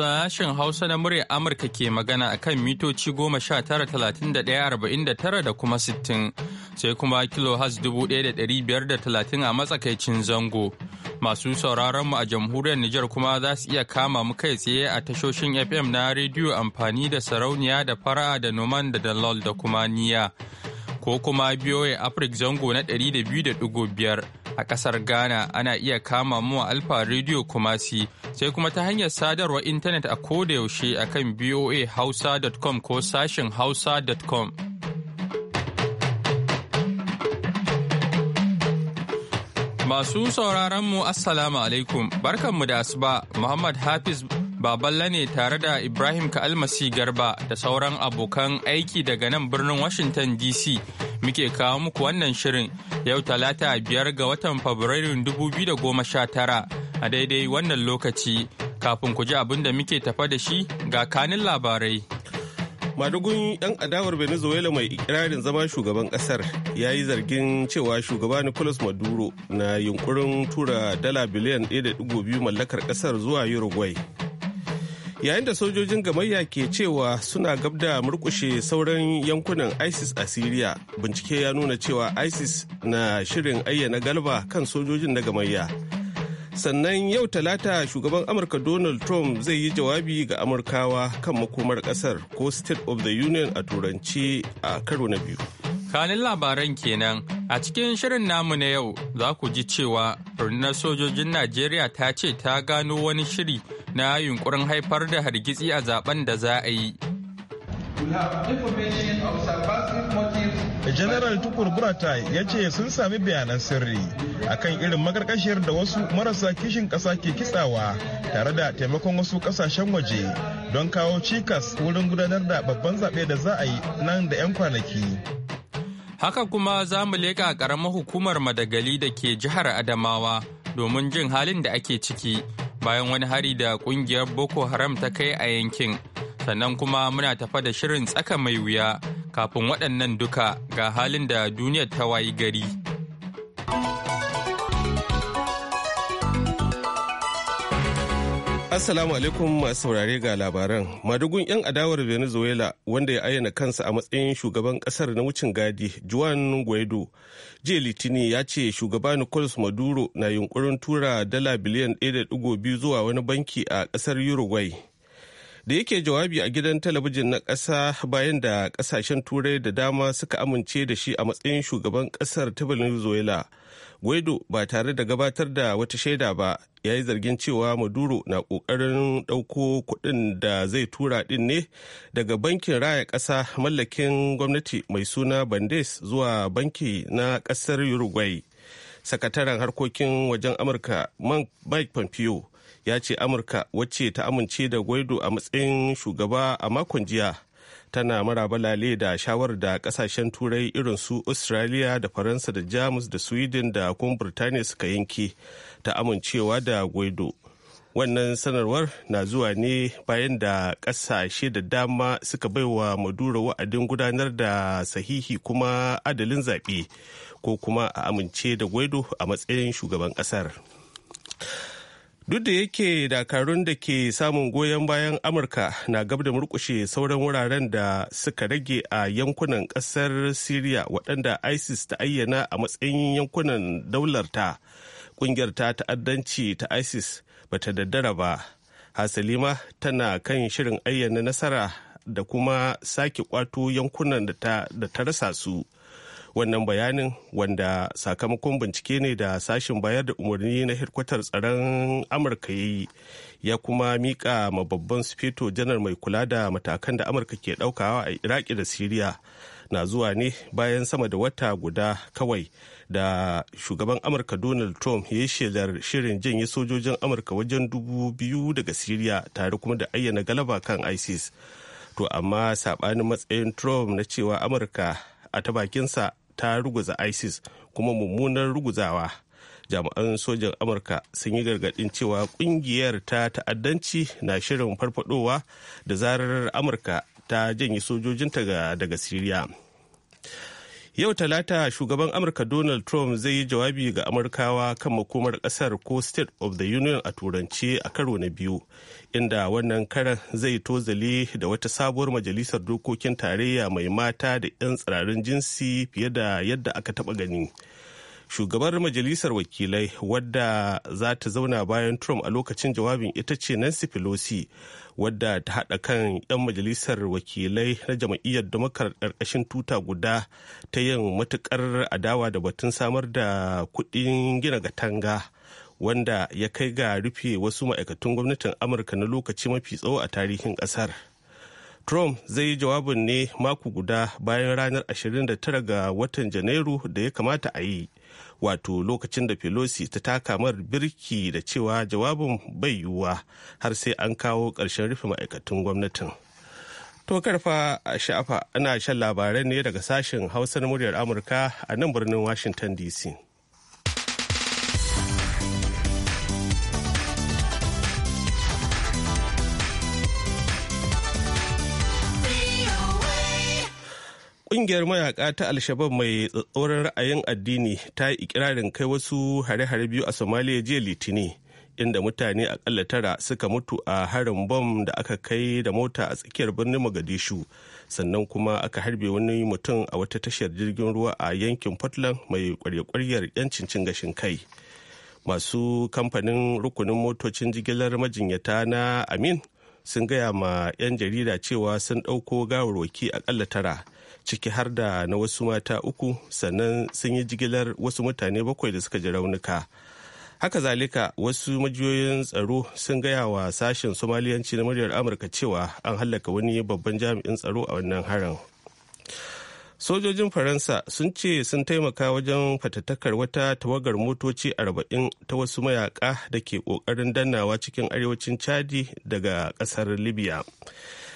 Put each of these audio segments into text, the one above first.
Sashen Hausa na murya Amurka ke magana a kan mitoci goma sha tara talatin da ɗaya arba'in da tara da kuma sittin sai kuma kilo has dubu ɗaya da ɗari biyar da talatin a matsakaicin zango. Masu sauraron mu a jamhuriyar Nijar kuma za su iya kama mu kai tsaye a tashoshin FM na rediyo amfani da sarauniya da fara'a da noman da dalol da kuma niya. Ko kuma ya Afrik zango na ɗari da biyu da ɗigo biyar. A ƙasar Ghana ana iya kama mu a Alfa Radio Kumasi sai kuma ta hanyar sadarwar intanet a kodayaushe a kan voahausa.com ko sashen hausa.com. Masu sauraron mu Assalamu alaikum, barkanmu da asuba Muhammad Hafiz Baballa ne tare da Ibrahim Ka'almasi Garba da sauran abokan aiki daga nan birnin Washington DC muke kawo muku wannan shirin yau talata biyar ga watan Fabrairun 2019 a daidai wannan lokaci kafin ku ji abin da muke tafa da shi ga kanin labarai. madugun 'yan adawar venezuela mai ikirarin zama shugaban kasar ya yi zargin cewa shugaba nicolas maduro na yunkurin tura dala biliyan 1.2 mallakar kasar zuwa uruguay yayin da sojojin gamayya ke cewa suna gabda da murkushe sauran yankunan isis a siriya bincike ya nuna cewa isis na shirin ayyana galba kan sojojin na gamayya sannan yau talata shugaban amurka donald trump zai yi jawabi ga amurkawa kan makomar kasar ko state of the union a turanci a karo na biyu kanin labaran kenan a cikin shirin namu na yau za ku ji cewa rundunar sojojin najeriya ta ce ta gano wani shiri na yunkurin haifar da hargitsi a zaben da za a yi General Tukur burata ya ce sun sami bayanan sirri akan irin makarkashiyar da wasu marasa kishin ƙasa ke kitsawa tare da taimakon wasu ƙasashen waje don kawo cikas wurin gudanar da babban zaɓe da za a yi nan da 'yan kwanaki. Haka kuma za mu leƙa ƙaramar hukumar Madagali da ke jihar Adamawa domin jin halin da ake ciki bayan wani hari da ƙungiyar Boko Haram ta kai a yankin. Sannan kuma muna tafa da shirin tsaka mai wuya kafin waɗannan duka ga halin da duniyar ta wayi gari. Assalamu alaikum masu saurare ga labaran. Madugun 'yan adawar Venezuela wanda ya ayyana kansa a matsayin shugaban kasar na wucin gadi Juan Guaido. Jiya Litini ya ce shugaba Nicolas Maduro na yunkurin tura dala biliyan 1.2 zuwa wani banki a kasar Uruguay. da yake jawabi a gidan talabijin na ƙasa bayan da ƙasashen turai da dama suka amince da shi a matsayin shugaban ƙasar ta venezuela guaido ba tare da gabatar da wata shaida ba ya yi zargin cewa maduro na ƙoƙarin ɗauko kuɗin da zai tura ɗin ne daga bankin raya ƙasa mallakin gwamnati mai suna bandes zuwa banki na ƙasar uruguay sakataren harkokin wajen amurka mike pompeo ya ce amurka wacce ta amince da gwaido a matsayin shugaba a makon jiya tana marabalale da shawarar da kasashen turai irin su australia da faransa da jamus da sweden da kuma birtaniya suka yanke ta amincewa da gwaido wannan sanarwar na zuwa ne bayan da kasashe da dama suka baiwa madura wa'adin gudanar da sahihi kuma adalin zaɓe ko kuma a amince da gwaido a matsayin shugaban ƙasar. duk da yake dakarun da ke samun goyon bayan amurka na gab da murkushe sauran wuraren da suka rage a yankunan kasar syria waɗanda isis ta ayyana a matsayin yankunan daularta ƙungiyar ta ta'addanci ta isis ba ta daddara ba hasalima tana kan shirin ayyana nasara da kuma sake kwato yankunan da ta rasa su. wannan bayanin wanda sakamakon bincike ne da sashen bayar da umarni na hedkwatar tsaron amurka ya yi ya kuma mika ma babban sufeto janar mai kula da matakan da amurka ke daukawa a iraki da siriya na zuwa ne bayan sama da wata guda kawai da shugaban amurka donald trump ya shelar shirin janye sojojin amurka wajen dubu biyu daga siriya tare kuma da ayyana galaba kan isis to amma saɓanin matsayin trump na cewa amurka a ta bakinsa ta ruguza isis kuma mummunar ruguzawa jami'an sojan amurka sun yi gargaɗin cewa ƙungiyar ta ta'addanci na shirin farfadowa da zarar amurka ta janye sojojinta daga siriya Yau Talata shugaban Amurka Donald Trump zai yi jawabi ga Amurkawa kan makomar kasar ko State of the Union a turance a karo na biyu, inda wannan karan zai tozale da wata sabuwar majalisar dokokin tarayya mai mata da 'yan tsirarin jinsi fiye da yadda aka taba gani. shugabar majalisar wakilai wadda za ta zauna bayan trump a lokacin jawabin ita ce nancy pelosi wadda ta haɗa kan 'yan majalisar wakilai na jam'iyyar damakar karkashin tuta guda ta yin matukar adawa da batun samar da kuɗin gina gatanga, wanda ya kai ga rufe wasu ma'aikatun gwamnatin amurka na lokaci mafi tsawo a tarihin ƙasar Trump zai yi jawabin ne mako guda bayan ranar 29 ga watan Janairu da ya kamata a yi wato lokacin da pelosi ta taka mar birki da cewa jawabin bai yiwuwa har sai an kawo ƙarshen rufe ma'aikatan gwamnatin to karfa a sha'afa ana shan labaran ne daga sashen hausar muryar amurka a nan birnin washington dc Ƙungiyar mayaka ta Alshabab mai tsatsauran ra'ayin addini ta yi ikirarin kai wasu hare-hare biyu a Somalia jiya Litini, inda mutane akalla tara suka mutu a harin bom da aka kai da mota a tsakiyar birnin Magadishu sannan kuma aka harbe wani mutum a wata tashar jirgin ruwa a yankin Portland mai kwarya 'yancin cin gashin kai. Masu kamfanin rukunin motocin jigilar majinyata na Amin sun gaya ma 'yan jarida cewa sun ɗauko gawarwaki akalla tara. ciki har da na wasu mata uku sannan sun yi jigilar wasu mutane bakwai da suka ji raunuka haka zalika wasu majiyoyin tsaro sun gaya wa sashen somaliyanci na muryar amurka cewa an hallaka wani babban jami'in tsaro a wannan harin sojojin faransa sun ce sun taimaka wajen fatattakar wata tawagar motoci 40 ta wasu mayaka da ke kokarin dannawa cikin arewacin chadi daga kasar libya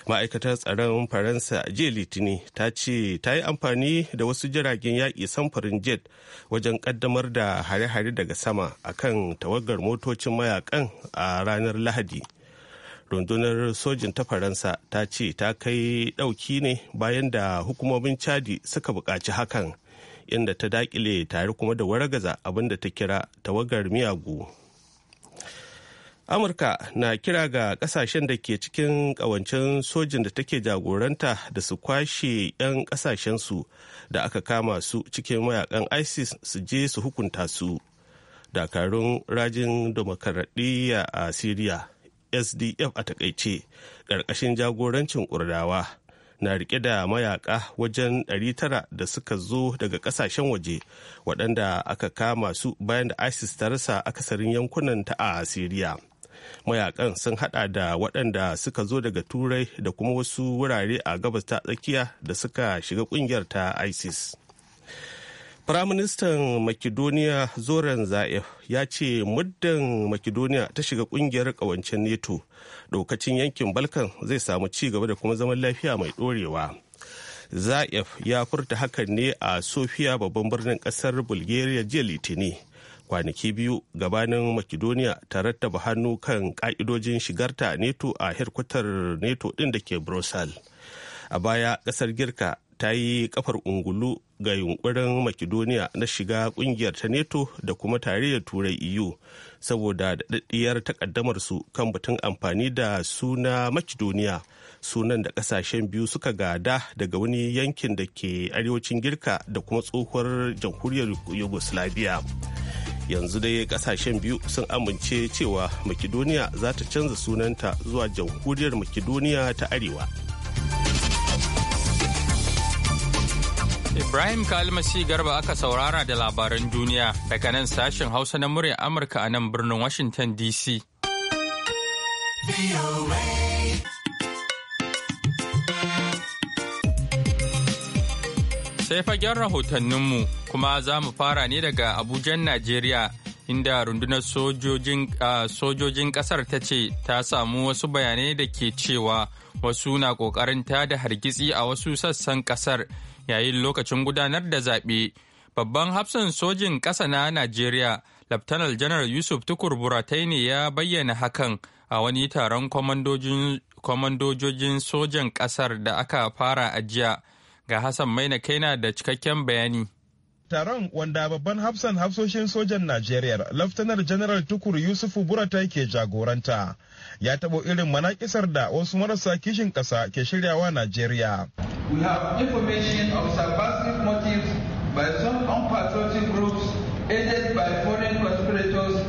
ma'aikatar tsaron faransa jiya litini ta ce ta yi amfani da wasu jiragen yaƙi samfurin jet wajen ƙaddamar da hare-hare daga sama a kan tawagar motocin mayakan a ranar lahadi rundunar sojin ta faransa ta ce ta kai ɗauki ne bayan da hukumomin chadi suka buƙaci hakan inda ta daƙile tare kuma da waragaza abin da ta kira tawagar miyagu amurka na kira ga kasashen da ke cikin kawancin sojin da take jagoranta da su kwashe 'yan kasashensu da aka kama su cikin mayakan isis su je su hukunta su dakarun rajin demokaradiyya a syria sdf a takaice ƙarƙashin jagorancin kurdawa na rike da mayaka wajen 900 da suka zo daga kasashen waje waɗanda aka kama su bayan da isis ta rasa akasarin yankunan ta a syria mayakan sun hada da waɗanda suka zo daga turai da kuma wasu wurare a gabas ta tsakiya da suka shiga kungiyar ta isis Firaministan Makedoniya Zoran Zaef ya ce muddin Makedoniya ta shiga kungiyar kawancin neto dokacin yankin Balkan zai samu ci gaba da kuma zaman lafiya mai dorewa. Zaef ya furta hakan ne a Sofia babban birnin kasar Bulgaria jiya Litini kwanaki biyu gabanin makedoniya ta rattaba hannu kan ka'idojin shigarta neto a herkutar neto din da ke brussels a baya kasar girka ta yi kafar ungulu ga yunkurin makedoniya na shiga kungiyar ta neto da kuma tarayyar turai eu saboda daɗaɗɗiyar takaddamar su kan batun amfani da suna makedoniya sunan da ƙasashen biyu suka gada daga wani yankin da ke arewacin girka da kuma tsohuwar jamhuriyar yugoslavia yanzu dai kasashen biyu sun amince cewa makedoniya za ta canza sunanta zuwa jamhuriyar makedoniya ta arewa ibrahim kalmasi garba aka saurara da labaran duniya daga nan sashen hausa na muryar amurka a nan birnin washington dc sai fagen rahotanninmu kuma za mu fara ne daga abujan najeriya inda rundunar sojojin kasar ta ce ta samu wasu bayanai da ke cewa wasu na kokarin da hargitsi a wasu sassan kasar yayin lokacin gudanar da zaɓe babban hafsan sojin ƙasa na najeriya laftanar janar yusuf tukur buratai ne ya bayyana hakan a wani taron kwamandojojin sojan ƙasar da aka fara a jiya ga hassan maina kaina da cikakken bayani Taron wanda babban hafsan hafsoshin sojan Najeriya, Laftanar General Tukur Yusufu Burata ke jagoranta, ya taɓo irin mana manakisar da wasu marasa kishin ƙasa ke shiryawa Najeriya. We have information of subversive motives by some unpatriotic groups aided by foreign conspirators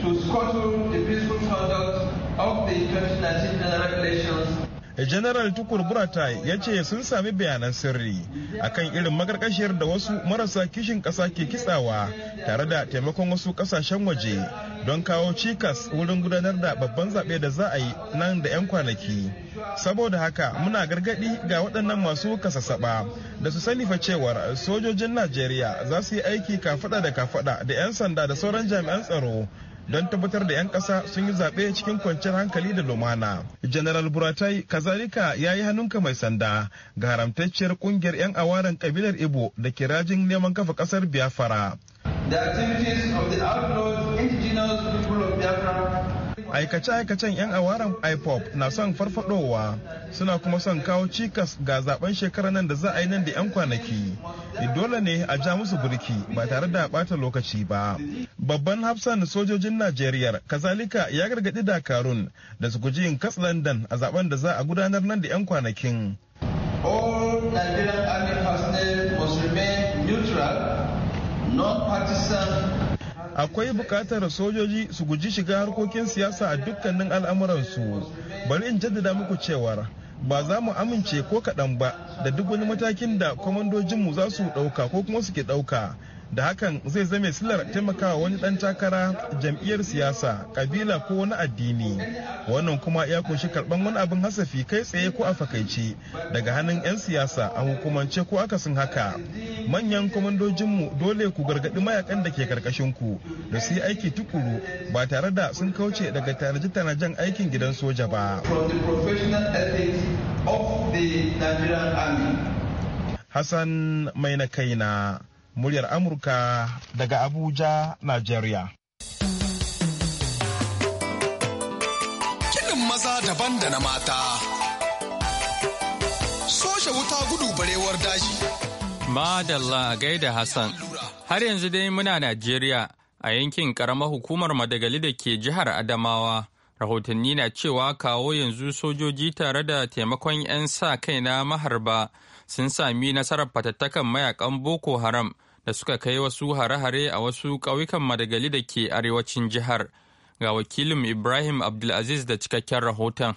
to scuttle the peaceful conduct of the 2019 general elections General Tukur Buratai ya ce sun sami bayanan sirri akan irin makarkashiyar da wasu marasa kishin ƙasa ke kitsawa tare da taimakon wasu ƙasashen waje don kawo cikas wurin gudanar da babban zaɓe da za a yi nan da 'yan kwanaki. Saboda haka muna gargaɗi ga waɗannan masu kasasaba da su sani fa cewar sojojin Najeriya za su yi aiki kafaɗa da kafaɗa da 'yan sanda da sauran jami'an tsaro don tabbatar da 'yan ƙasa sun yi zaɓe cikin kwanciyar hankali da lumana. General Buratai kazalika ya yi hannunka mai sanda ga haramtacciyar ƙungiyar 'yan awaren kabilar Ibo da kirajin neman kafa ƙasar biafara. The activities of the outlawed aikace-aikacen 'yan awaran ipop na son farfadowa suna kuma son kawo cikas ga zaben shekarar nan da za a yi nan da 'yan kwanaki dole ne a ja musu burki ba tare da bata lokaci ba babban hafsan sojojin najeriya kazalika ya gargaɗi dakarun da su guji yin kas london a zaben da za a gudanar nan da 'yan kwanakin non-partisan akwai bukatar sojoji su guji shiga harkokin siyasa a dukkanin al'amuransu bari in jaddada muku cewar ba za mu amince ko kaɗan ba da duk wani matakin da kwamandojinmu za su ɗauka ko kuma suke ɗauka da hakan zai zame silar taimakawa wani dan takara jam'iyyar siyasa kabila ko wani addini wannan kuma ya kunshi karban wani abin hasafi kai tsaye ko a fakaice daga hannun 'yan siyasa a hukumance ko akasin haka manyan kwamandojinmu dole ku gargaɗi mayakan da ke karkashin ku da su yi aiki tukuru ba tare da sun kauce daga tanaje-tanajen aikin gidan soja ba. Hassan mai na kaina muryar Amurka daga Abuja, Najeriya. Kinin maza daban da na mata. Soshe wuta gudu barewar daji. Madalla gaida Hassan. Har yanzu dai muna Najeriya a yankin ƙaramar hukumar Madagali da ke jihar Adamawa. Rahotanni na cewa kawo yanzu sojoji tare da taimakon 'yan sa kai na maharba sun sami nasarar fatattakan mayakan Boko Haram. da suka kai wasu hare-hare a wasu ƙauyukan madagali da ke arewacin jihar ga wakilin ibrahim abdulaziz da cikakken rahoton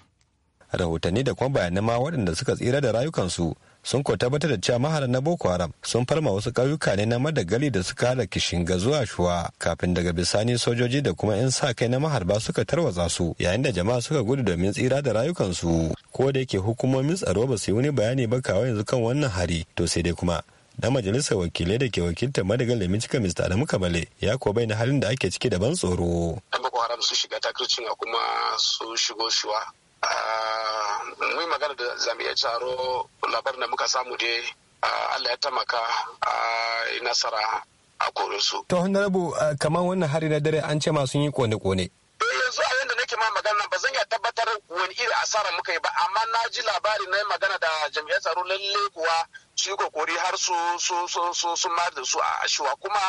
rahotanni da kuma bayanan ma waɗanda suka tsira da rayukansu sun ko tabbatar da cewa mahara na boko haram sun farma wasu ƙauyuka ne na madagali da suka hada kishinga zuwa shuwa kafin daga bisani sojoji da kuma 'yan sa kai na maharba suka tarwatsa su yayin da jama'a suka gudu domin tsira da rayukansu ko da yake hukumomin tsaro ba su yi wani bayani ba kawai yanzu kan wannan hari to sai dai kuma na majalisar wakilai da ke wakiltar madagal da mincika mr adamu kamale ya kuwa bai na halin da ake ciki daban tsoro. an boko haram su shiga takircin a kuma su shigo shuwa. Ah, mun magana da jami'ai taro labarin da muka samu dai ah, allah ya tamaka a ah, nasara a korinsu. to honorable kamar wannan hari na dare an ce masu sun yi kone-kone. eh yanzu a yadda nake ma magana ba zan iya tabbatar wani iri asara muka yi ba amma na ji labari na magana da jami'an tsaro lalle kuwa su yi kokori har su su su da su a ashewa kuma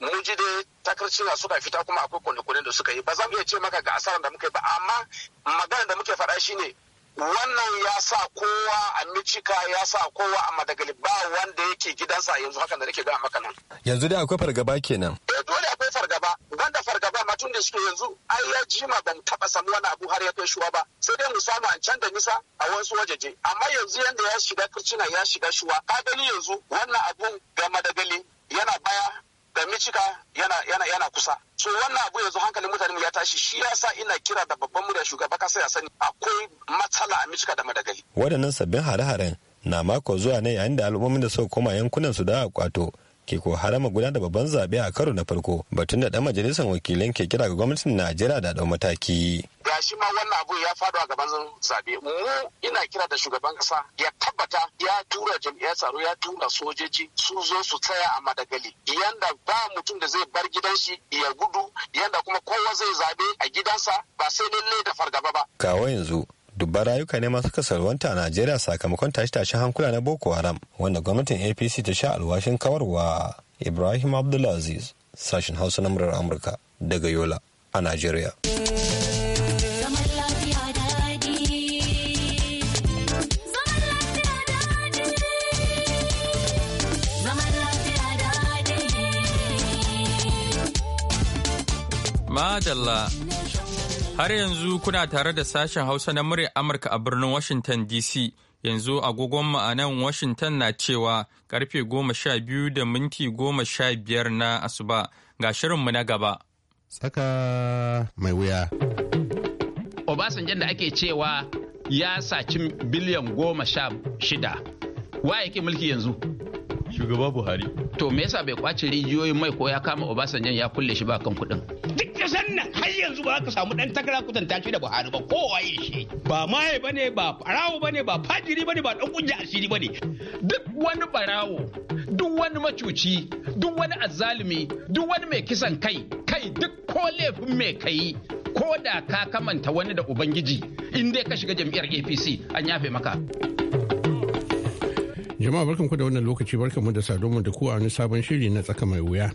mun ji dai na suka fita kuma akwai kwane da suka yi ba zan iya ce maka ga asara da muka yi ba amma magana da muke faɗa shine wannan ya sa kowa a michika ya sa kowa a madagali ba wanda yake gidansa yanzu haka da nake ga maka nan yanzu dai akwai fargaba kenan eh dole akwai fargaba banda fargaba ma tun da suke yanzu ai ya jima ban taba samu wani abu har ya kai shuwa ba sai dai mu samu an can da nisa a wasu wajeje amma yanzu yanda ya shiga kirchina ya shiga shuwa ka gani yanzu wannan abun ga madagali yana baya da Michigan yana, kusa. So wannan abu yanzu hankalin mutane ya tashi shi yasa ina kira da babban murya shugaba kasa ya sani akwai matsala a Michigan da Madagali. wadannan sabbin hare-haren na mako zuwa ne yayin da al'ummomin da suka koma yankunan su da kwato ke ko harama guda da babban zaɓe a karo na farko batun da ɗan majalisar wakilan ke kira ga gwamnatin najeriya da ɗau mataki gashi ma wannan abu ya faɗo a gaban zabe mu ina kira da shugaban ƙasa, ya tabbata ya tura jam'iyyar tsaro ya tura sojoji su zo su tsaya a madagali yanda ba mutum da zai bar gidan shi ya gudu yanda kuma kowa zai zaɓe a gidansa ba sai lalle da fargaba ba kawo yanzu dubban rayuka ne masu kasarwanta a najeriya sakamakon tashe-tashen hankula na boko haram wanda gwamnatin apc ta sha alwashin kawarwa ibrahim abdulaziz sashen hausa na murar amurka daga yola a najeriya Madalla Har yanzu kuna tare da sashen Hausa na murya Amurka a birnin Washington DC. Yanzu agogon ma'anan nan Washington na cewa karfe goma sha biyu da minti goma sha biyar na asuba ga shirinmu na gaba. Saka mai wuya. Obasanjan da ake cewa ya saci biliyan goma sha shida. Wa yake mulki yanzu? shugaba buhari to me yasa bai kwace rijiyoyin mai ko ya kama obasanjo ya kulle shi ba kan kuɗin duk da sannan har yanzu ba ka samu dan takara kutanta shi da buhari ba ko waye shi ba maye bane ba farawo bane ba fajiri bane ba dan kunja asiri bane duk wani barawo duk wani macuci duk wani azzalumi duk wani mai kisan kai kai duk ko laifin mai kai ko da ka kamanta wani da ubangiji in dai ka shiga jam'iyyar apc an yafe maka Jama'a barkanku da wannan lokaci barkanmu da saduwa da ku a wani sabon shiri na tsaka mai wuya.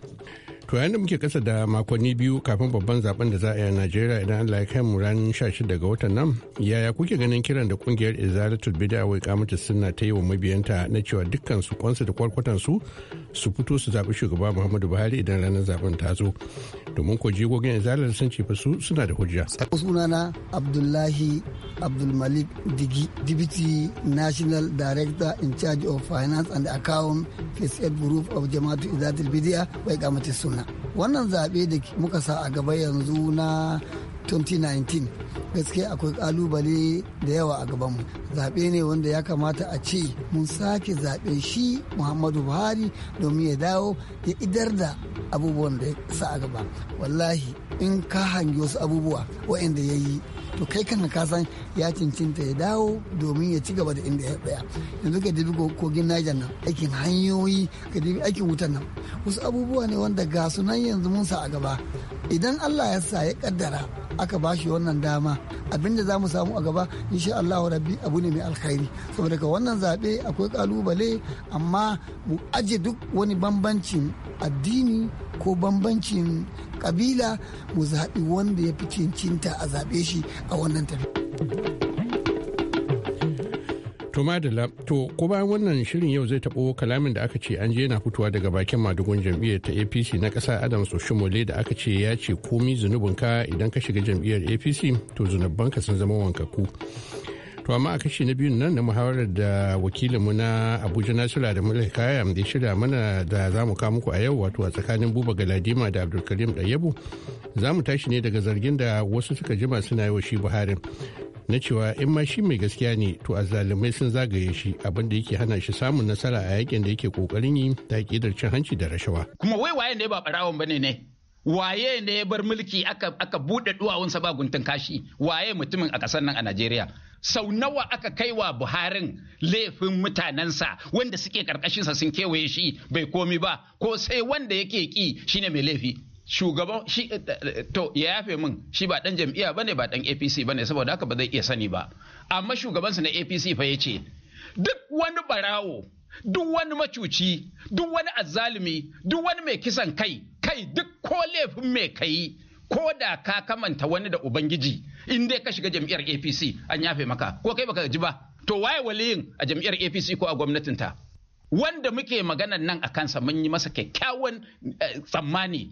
to yayin da muke kasa da makonni biyu kafin babban zaben da za a yi a najeriya idan allah ya kai mu ran 16 ga watan nan yaya kuke ganin kiran da kungiyar izalatul bida wai kamata suna ta yi wa mabiyanta na cewa dukkan su kwansa da kwarkwatan su su fito su zaɓi shugaba muhammadu buhari idan ranar zaben ta zo domin ko jigogin izalar sun ce su suna da hujja sunana abdullahi abdulmalik digi deputy national director in charge of finance and account first group of jama'atu izalatul bida wai kamata suna wannan zaɓe da muka sa a gaba yanzu na 2019 gaskiya akwai kalubale da yawa a gabanmu zaɓe ne wanda ya kamata a ce mun sake zaɓe shi muhammadu buhari domin ya dawo ya idar da abubuwan da ya sa a gaba wallahi in ka hangi wasu abubuwa waɗanda ya yi to kai kan ka san ya cincinta ya dawo domin ya ci gaba da inda ya tsaya yanzu ka dubi kogin Niger nan aikin hanyoyi ka dubi aikin wutan nan wasu abubuwa ne wanda ga su nan yanzu mun sa a gaba idan Allah ya sa ya kaddara aka ba shi wannan dama abinda za mu samu a gaba insha Allah rabbi abu ne mai alkhairi saboda ka wannan zaɓe akwai kalubale amma mu aje duk wani bambancin addini ko bambancin kabila mu zaɓi wanda ya fi cincinta a zaɓe shi a wannan tafiya. To madala, to ko bayan wannan shirin yau zai taɓo kalamin da aka ce an je na fitowa daga bakin madugun jam'iyyar ta APC na ƙasa Adams Oshimole da aka ce ya ce komi zunubinka idan ka shiga jam'iyyar APC to zunubanka sun zama wankaku. to amma a kashi na biyun nan na muhawarar da wakilinmu na abuja nasira da mulai kaya da shirya mana da za mu kawo muku a yau wato a tsakanin buba galadima da abdulkarim ɗayyabu za mu tashi ne daga zargin da wasu suka jima suna yi wa shi buharin na cewa in ma shi mai gaskiya ne to azzalumai sun zagaye shi abin da yake hana shi samun nasara a yakin da yake kokarin yi ta kidar cin hanci da rashawa kuma wai waye ne ba barawon bane ne waye ne ya bar mulki aka aka bude duwawunsa ba guntun kashi waye mutumin a kasar nan a Najeriya sau nawa aka kai wa buharin laifin mutanensa wanda suke karkashinsa sun kewaye shi bai komi ba ko sai wanda yake ki shine mai laifi shugaban shi eh, eh, to ya yafe min shi ba dan jam'iyya bane ba dan APC bane saboda haka ba zai iya sani ba amma shugabansa na APC fa ya ce. duk wani barawo duk wani macuci duk wani azzalumi duk wani mai kisan kai kai duk ko laifin mai kai ko da ka kamanta wani da ubangiji in dai ka shiga jam'iyyar apc an yafe maka ko kai baka ji ba to waye waliyin a jam'iyyar apc ko a gwamnatin ta? wanda muke maganan nan a kansa mun yi masa kyakkyawan eh, tsammani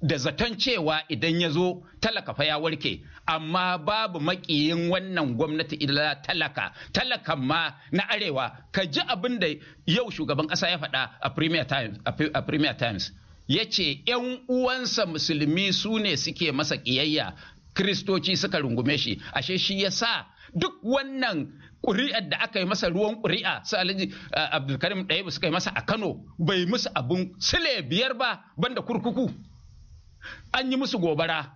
da zaton cewa idan ya zo talaka fa ya warke amma babu makiyin wannan gwamnati idan talaka talaka ma na arewa ka ji abin da yau shugaban ƙasa ya faɗa a premier times ya ce ‘yan uwansa musulmi su ne suke masa ƙiyayya kristoci suka rungume shi ashe shi ya sa duk wannan ƙuri'ar da aka yi masa ruwan ƙuri'a su alhaji abdulkarim ɗaya suka yi masa a kano bai musu abun sile biyar ba banda kurkuku an yi musu gobara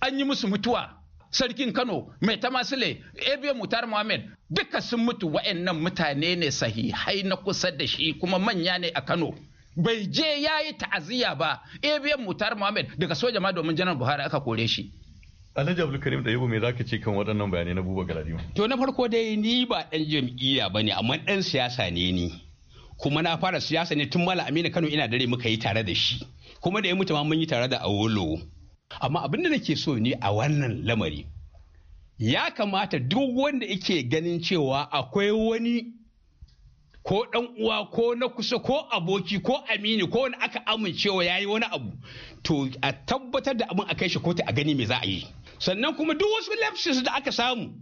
an yi musu mutuwa sarkin kano mai tamasile ebe mutar muhammad duka sun mutu wa'annan mutane ne sahihai na kusa da shi kuma manya ne a kano bai je ya yi ta'aziyya ba abm mutar muhammad daga soja ma domin janar buhari aka kore shi Alhaji Abdulkarim da Yabo me zaka ce kan waɗannan bayanai na Buba Galadima? To na farko dai ni ba ɗan jam'iyya bane amma ɗan siyasa ne ni. Kuma na fara siyasa ne tun mala Aminu Kano ina dare muka yi tare da shi. Kuma da ya mutu ma mun yi tare da awolo Amma abin da nake so ni a wannan lamari. Ya kamata duk wanda yake ganin cewa akwai wani ko ɗan uwa ko na kusa ko aboki ko amini ko wani aka amincewa yayi wani abu to a tabbatar da abin a kai shi kotu a gani me za a yi sannan kuma duk wasu lapses da aka samu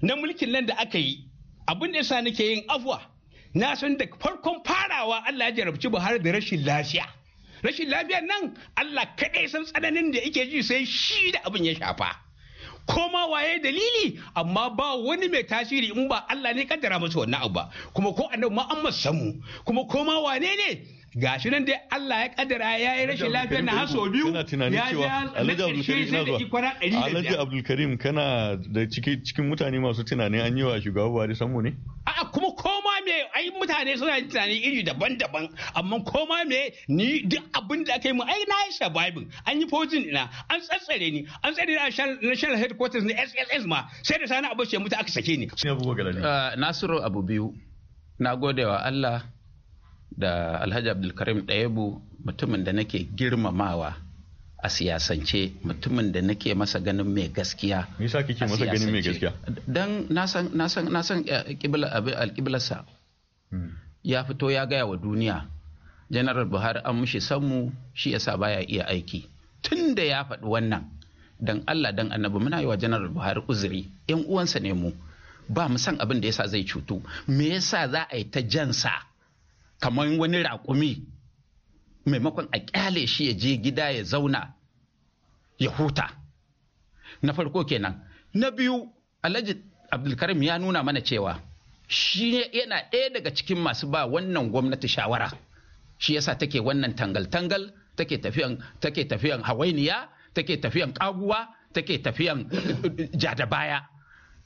na mulkin nan da aka yi abin da yasa nake yin afwa na san da farkon farawa Allah ya jarabci Buhari da rashin lafiya rashin lafiyar nan Allah kaɗai san tsananin da yake ji sai shi da abin ya shafa koma waye dalili amma ba wani mai tasiri in ba Allah ne kaddara masa wannan abu ba kuma ko annabi Muhammad mu kuma koma wane ne Ga shi nan dai Allah ya kadara ya yi rashin lafiya na haso biyu ya ja Alhaji Abdulkarim kana da cikin mutane masu tunani an yi wa shugaba Buhari samu ne? A'a kuma koma me ai mutane suna tunani iri daban-daban amma koma me ni duk abin da aka yi mu ai na yi sababin an yi fojin ina an tsatsare ni an tsare ni a national headquarters na SSS ma sai da sani abu ce mutu aka sake ni. Eh, Nasiru abu biyu na gode wa Allah da alhaji abdulkarim ɗayebu mutumin da nake girmamawa a siyasance mutumin da nake masa ganin mai gaskiya nisa kike masa ganin mai gaskiya don na san eh, alƙiblarsa hmm. ya fito ya gaya wa duniya janaral buhari an mushe sanmu shi yasa baya iya aiki tun da ya faɗi wannan dan allah dan annabi muna yi wa janaral buhari uzuri yan uwansa ne mu ba mu san abin da yasa zai cutu me yasa za a yi ta jansa kamar wani raƙumi maimakon a ƙyale shi ya je gida ya zauna ya huta na farko kenan na biyu alhaji abdulkarim ya nuna mana cewa shi yana ɗaya daga cikin masu ba wannan gwamnati shawara shi yasa take wannan tangal-tangal take tafiyan take tafiyan hawainiya take tafiyan kaguwa take tafiyan jada baya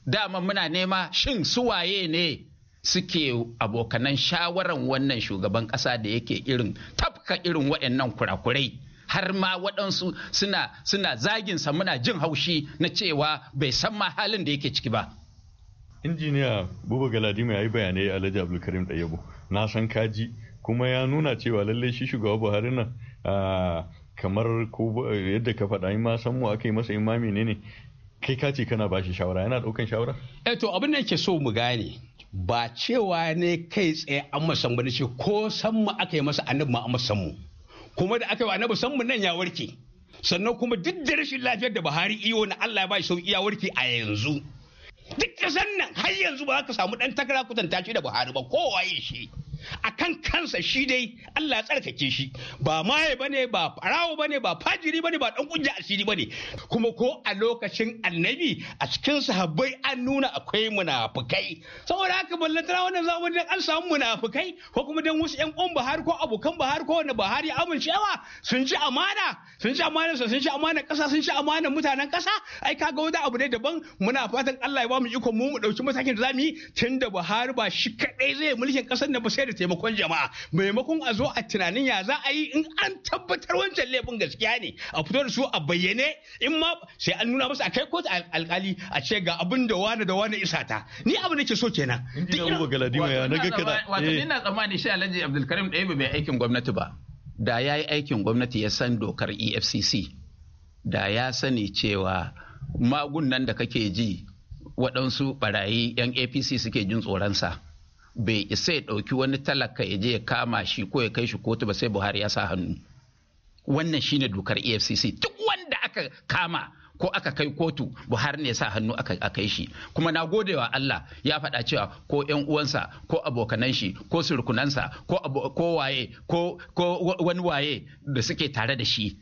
dama muna nema shin suwaye ne suke abokanan shawaran wannan shugaban kasa da yake irin tafka irin waɗannan kurakurai har ma waɗansu suna suna zaginsa muna jin haushi na cewa bai san ma halin da yake ciki ba injiniya buba galadima ya yi bayanai a alhaji abdulkarim ɗayabo na san kaji kuma ya nuna cewa lallai shi shugaba buhari nan ah, kamar yadda ka faɗa ma san mu aka yi masa imami ne ne kai ka ce kana bashi shawara yana daukan shawara eh to abin da yake so mu gane ba cewa ne kai tsaye an masa ba ce ko san mu aka yi masa annabi ma an masan mu kuma da aka yi annabi san mu nan ya warke sannan kuma duk da rashin lafiyar da Buhari iyo na Allah ya ba shi sauki ya warke a yanzu duk da sannan har yanzu ba ka samu dan takara kutanta shi da Buhari ba kowa yi shi a kan kansa shi dai Allah ya tsarkake shi ba maye bane ba farawo bane ba fajiri bane ba dan kunja asiri bane kuma ko a lokacin annabi a cikin sahabbai an nuna akwai munafukai saboda haka ballantana wannan dan an samu munafukai ko kuma dan wasu yan uwan Buhari ko abokan Buhari ko wanda Buhari ya amincewa sun ci amana sun ci amana sun ci amana kasa sun ci amana mutanen kasa ai kaga wani abu ne daban muna fatan Allah ya ba mu iko mu mu dauki matakin da zamu yi tunda Buhari ba shi kadai zai mulkin kasar da ba sai da taimakon jama'a maimakon a zo a tunanin ya za a yi in an tabbatar wancan laifin gaskiya ne a fito da su a bayyane in ma sai an nuna musu a kai kotu alkali a ce ga abin da wani da wani isa ta ni abu nake so kenan duk ina galadima ya naga kana wato eh. ina tsammani shi Alhaji Abdulkarim da ba bai aikin gwamnati ba da ya yi aikin gwamnati ya san dokar EFCC da ya sani cewa magun nan da kake ji waɗansu barayi 'yan apc suke jin tsoronsa bai isa ya ɗauki wani talaka ya je ya kama shi ko ya kai shi kotu ba sai buhari ya sa hannu wannan shine dokar efcc duk wanda aka kama ko aka kai kotu buhari ne ya sa hannu aka kai shi kuma na gode wa allah ya faɗa cewa ko yan uwansa ko abokanan shi ko surkunansa ko waye ko wani waye da suke tare da shi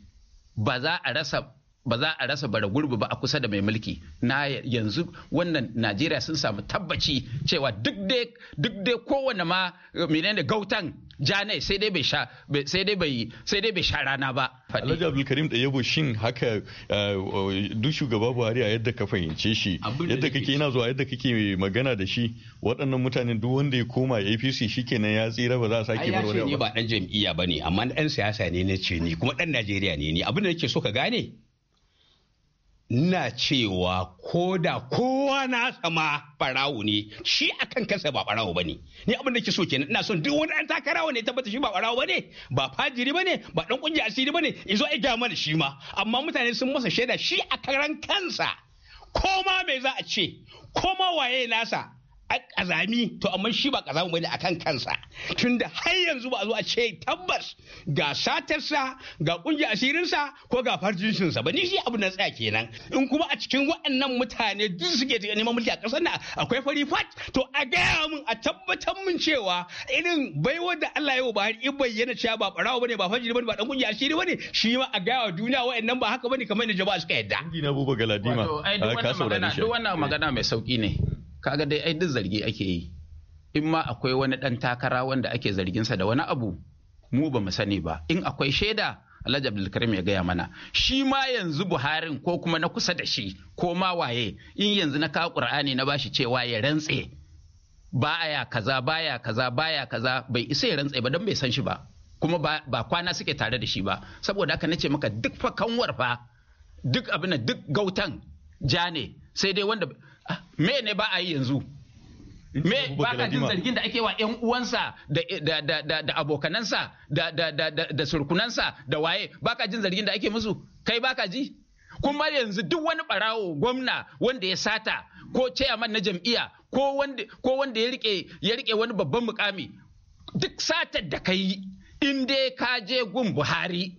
ba za a rasa ba za a rasa bara gurbi ba a kusa da mai mulki na yanzu wannan najeriya sun samu tabbaci cewa duk dai kowane ma menene gautan Janai sai dai bai sha sai dai bai sai dai bai sha rana ba Alhaji Abdul Karim da yabo shin haka eh, duk shugaba Buhari a yadda ka fahimce shi yadda kake ina zuwa yadda kake magana da shi waɗannan mutanen duk wanda ya koma APC shikenan ya tsira ba za a sake bar wani ba dan jam'iyya bane amma dan siyasa ne na ce ni kuma dan Najeriya ne ni abin da nake so ka gane ina cewa ko da kowa na sama barawo ne shi akan kansa ba ba bane ni abin da ke so kenan ina son duk wani an takara ne tabbata shi ba ba bane ba fajiri bane ba dan kungiya asiri bane izo a gyama da shi ma amma mutane sun masa shaida shi a karan kansa ko ma me za a ce ko ma waye nasa kazami to amma shi ba kazami bane akan kansa tunda har yanzu ba a zo a ce tabbas ga satarsa ga kungiya asirinsa ko ga sa ba ni shi abu na tsaya kenan in kuma a cikin waɗannan mutane duk suke neman mulki a ƙasar nan akwai fari fat to a gaya min a tabbatar mun cewa irin baiwar da Allah ya ba har in bayyana cewa ba barawo bane ba fajiri bane ba dan kungiya asiri bane shi ma a gaya wa duniya waɗannan ba haka bane kamar ne jama'a suka yadda. Ina Buba Galadima. duk wannan magana mai sauki ne. kaga dai ai duk zargi ake yi in ma akwai wani ɗan takara wanda ake zarginsa da wani abu mu ba mu sani ba in akwai shaida Alhaji Abdulkarim ya gaya mana shi ma yanzu Buharin ko kuma na kusa da shi ko ma waye in yanzu na ka Qur'ani na bashi cewa ya rantse baya kaza baya kaza baya kaza bai isa ya rantse ba don bai san shi ba kuma ba, kwana suke tare da shi ba saboda haka nace maka duk fa kanwar fa duk abin duk gautan ja ne sai dai wanda me ne ba a yi yanzu me ba ka jin zargin da ake wa yan uwansa da abokanansa da surkunansa da waye ba ka jin zargin da ake musu kai ba ka ji kuma yanzu duk wani barawo gwamna wanda ya sata ko chairman na jam'iyya ko wanda ya rike wani babban mukami duk satar da kai, in dai ka je gun buhari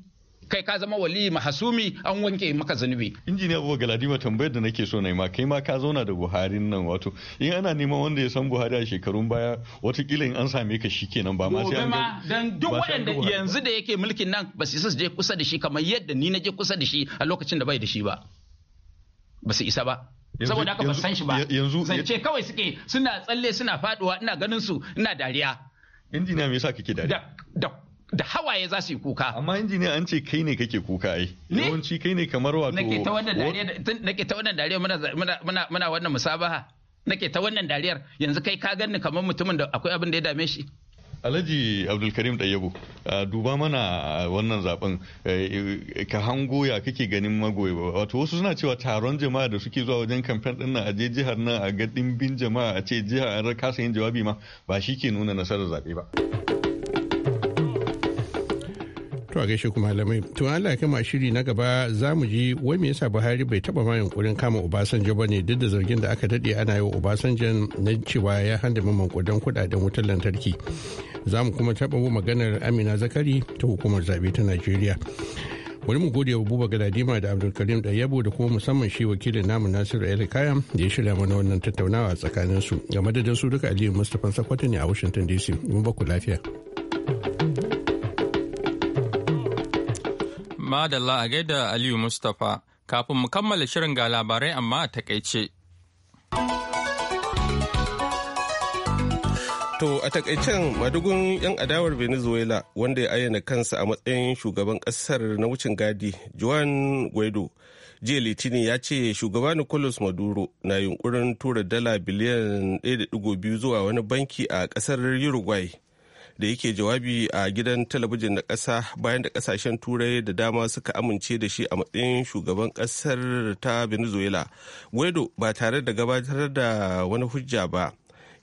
kai ka zama wali mahasumi an wanke maka zunubi injiniya abubuwa galadima tambayar da nake so na ma kai ma ka zauna da buhari nan wato in ana neman wanda ya san buhari a shekarun baya watakila in an same ka shi kenan ba ma sai an ga dan duk waɗanda yanzu da yake mulkin nan ba su isa su je kusa da shi kamar yadda ni na je kusa da shi a lokacin da bai da shi ba ba su isa ba saboda haka ba san shi ba yanzu zance kawai suke suna tsalle suna faduwa ina ganin su ina dariya injiniya me yasa kake dariya da da hawaye za su yi kuka amma injiniya an ce kai ne kake kuka ai yawanci kai ne kamar wato nake ta wannan dariyar. nake ta wannan dariyar muna muna muna wannan musabaha nake ta wannan dariyar yanzu kai ka ganni kamar mutumin da akwai abin da ya dame shi Alhaji Abdulkarim Dayyabo duba mana wannan zaben e, e, ka hango ya kake ganin magoyi wato wasu suna cewa taron jama'a da suke zuwa wajen kamfen din nan a je jihar nan a ga dimbin jama'a a ce jihar an kasa yin jawabi ma ba shi ke nuna nasarar zaɓe ba. To a gaishe kuma malamai. To Allah kama shiri na gaba za mu ji wai me yasa Buhari bai taba ma yunkurin kama Obasanjo bane duk da zargin da aka dade ana yi wa Obasanjo na cewa ya handa handama mankudan kudaden wutar lantarki. Za mu kuma taba maganar Amina Zakari ta hukumar zabe ta Najeriya. Wani mu gode wa Buba Galadima da Abdulkarim da Yabo da kuma musamman shi wakilin namu Nasiru El Kayam da ya shirya mana wannan tattaunawa tsakanin su. ga madadin su duka Aliyu Mustapha Sakwato ne a Washington DC. Mun ba ku lafiya. Madalla a gaida Aliyu Mustapha kafin mu kammala shirin ga labarai amma a takaice. To a takaicen madugun 'yan adawar Venezuela wanda ya ayyana kansa a matsayin shugaban kasar na wucin gadi Juan Guaido. Jiya Litini ya ce shugaba Nicolas Maduro na yunkurin tura dala biliyan 1.2 zuwa wani banki a kasar Uruguay. da yake jawabi a gidan talabijin na ƙasa bayan da ƙasashen turai da dama suka amince da shi a matsayin shugaban ƙasar ta venezuela guaido ba tare da gabatar da wani hujja ba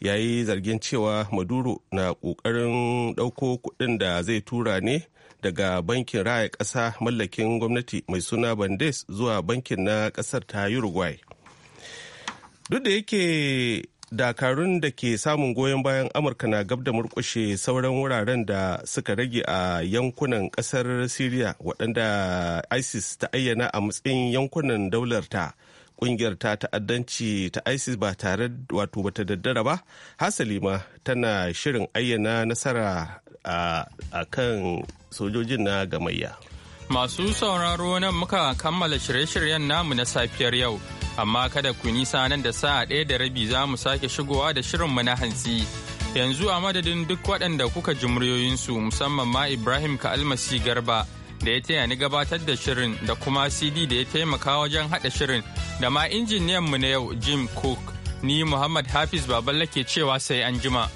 ya yi zargin cewa maduro na ƙoƙarin ɗauko kuɗin da zai tura ne daga bankin raya ƙasa mallakin gwamnati mai suna bandes zuwa bankin na ƙasar ta uruguay duk da yake dakarun da ke samun goyon bayan amurka na gab da murkushe sauran wuraren da suka rage a yankunan kasar syria waɗanda isis ta ayyana a matsayin yankunan daularta ta kungiyar ta ta'addanci ta isis ba tare wato bata daddara ba hasali ma tana shirin ayyana nasara a kan sojojin na gamayya masu sauraro nan muka kammala shirye-shiryen namu na safiyar yau amma kada ku nisa nan da sa'a ɗaya da rabi za mu sake shigowa da shirin mu na hantsi. Yanzu a madadin duk waɗanda kuka ji muryoyinsu musamman ma Ibrahim Ka'almasi Garba da ya taya ni gabatar da shirin da kuma CD da ya taimaka wajen haɗa shirin da ma mu na yau Jim Cook. Ni Muhammad Hafiz Baballa ke cewa sai an jima.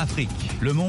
Afrique. Le monde